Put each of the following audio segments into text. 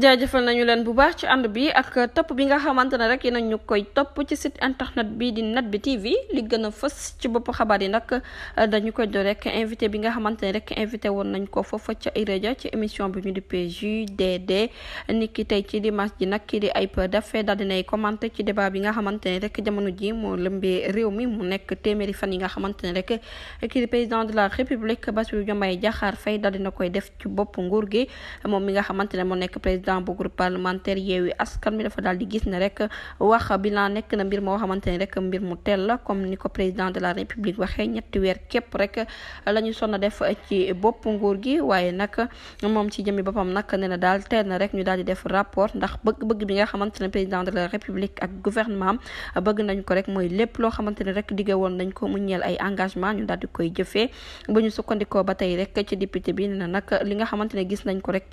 jaajëfal nañu leen bu baax ci ànd bi ak topp bi nga xamante ne rek yéen ñu koy topp ci site internet bi di net bi TV li gën a fës ci bopp xabaar yi nag dañu koy door rek invité bi nga xamante ne rek invité woon nañ ko foofa ca Iradia ci émission bi ñu di PJDD ni ki tey ci dimanche ji nag kii di ay dafee daal dinay commenté ci débat bi nga xamante ne rek jamono ji moo lëmbee réew mi mu nekk téeméeri fan yi nga xamante ne rek kii di président de la république Bassirou Diomaye Diakhar Faye daal dina koy def ci bopp nguur gi moom mi nga xamante ne nekk président bu groupe parlementaire Yewwi Askan Wi dafa daal di gis ne rek wax bilan nekk na mbir moo xamante ni rek mbir mu teel la comme ni ko président de la république waxee ñetti weer képp rek la ñu def ci bopp nguur gi waaye nag moom ci jëmmi boppam nag nee na daal teel na rek ñu daal di def rapport ndax bëgg-bëgg bi nga xamante ne président de la république ak gouvernement bëgg nañ ko rek mooy lépp loo xamante ne rek digge woon nañ ko mu ñeel ay engagement di koy jëfee ba ñu sukkandikoo ba tey rek ci député bi nee na nag li nga xamante ne gis nañ ko rek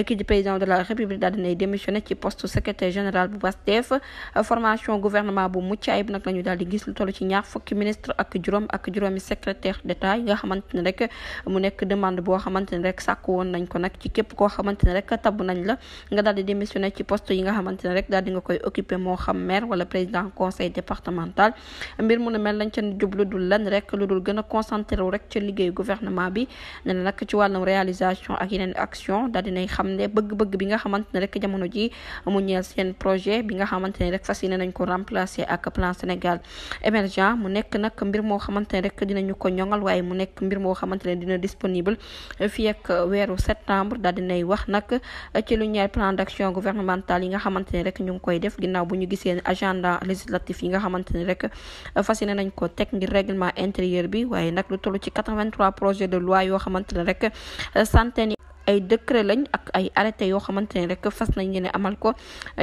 kii di président de la république daal dinay démissionné ci poste secrétaire général bu Pastef formation gouvernement bu mucc ayib nag la ñu daal di gis lu toll ci ñaar fukki ministre ak juróom ak juróomi secrétaire d'état yi nga xamante ne rek mu nekk demande boo xamante ne rek sàkku woon nañ ko nag ci képp koo xamante ne rek tabb nañ la nga daal di démissionné ci poste yi nga xamante ne rek daal di nga koy occupé moo xam maire wala président conseil départemental mbir mu ne mel lañ ca jublu dul lan rek lu dul gën a concentré wu rek liggéey gouvernement bi ne nag ci wàllum réalisation ak yeneen action xam ne bëgg-bëgg bi nga xamante ne rek jamono ji mu ñeel seen projet bi nga xamante ne rek fas yéene nañ ko remplacer ak Sénégal émergent mu nekk nag mbir moo xamante ne rek dinañu ko ñoŋal waaye mu nekk mbir moo xamante ne dina disponible fii ak weeru septembre daal dinay wax nag ci lu ñeel plan yi nga xamante ne rek ñu ngi koy def ginnaaw bu ñu gisee agenda législatif yi nga xamante ne rek fas yéene nañ ko teg ngir règlement intérieur bi waaye nag lu toll ci 83 projet de loi yoo xamante ne rek centaine ay décret lañ ak ay arrêté yoo xamante ne rek fas nañ ne amal ko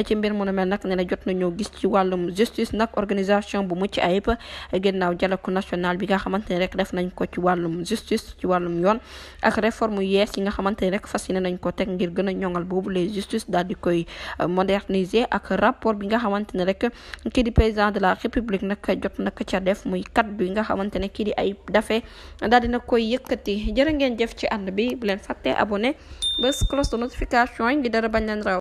ci mbir mu nu mel nag ne na jot nañoo gis ci wàllum justice nag organisation bu mucc ayib gannaaw dialogue national bi nga xamante ne rek def nañ ko ci wàllum justice ci wàllum yoon ak réforme yees yi nga xamante ne rek fas ne nañ ko teg ngir gën a ñoŋal boobu les justice daal di koy euh, moderniser ak rapport bi nga xamante ne rek kii di président de la république nag jot nag ca def muy kat bi nga xamante ne kii di ay dafe daal dina koy yëkkati jërë ngeen jëf ci ànd bi leen fàtte abonné abonné bés cloche de notification yi ngi dara bañ leen raw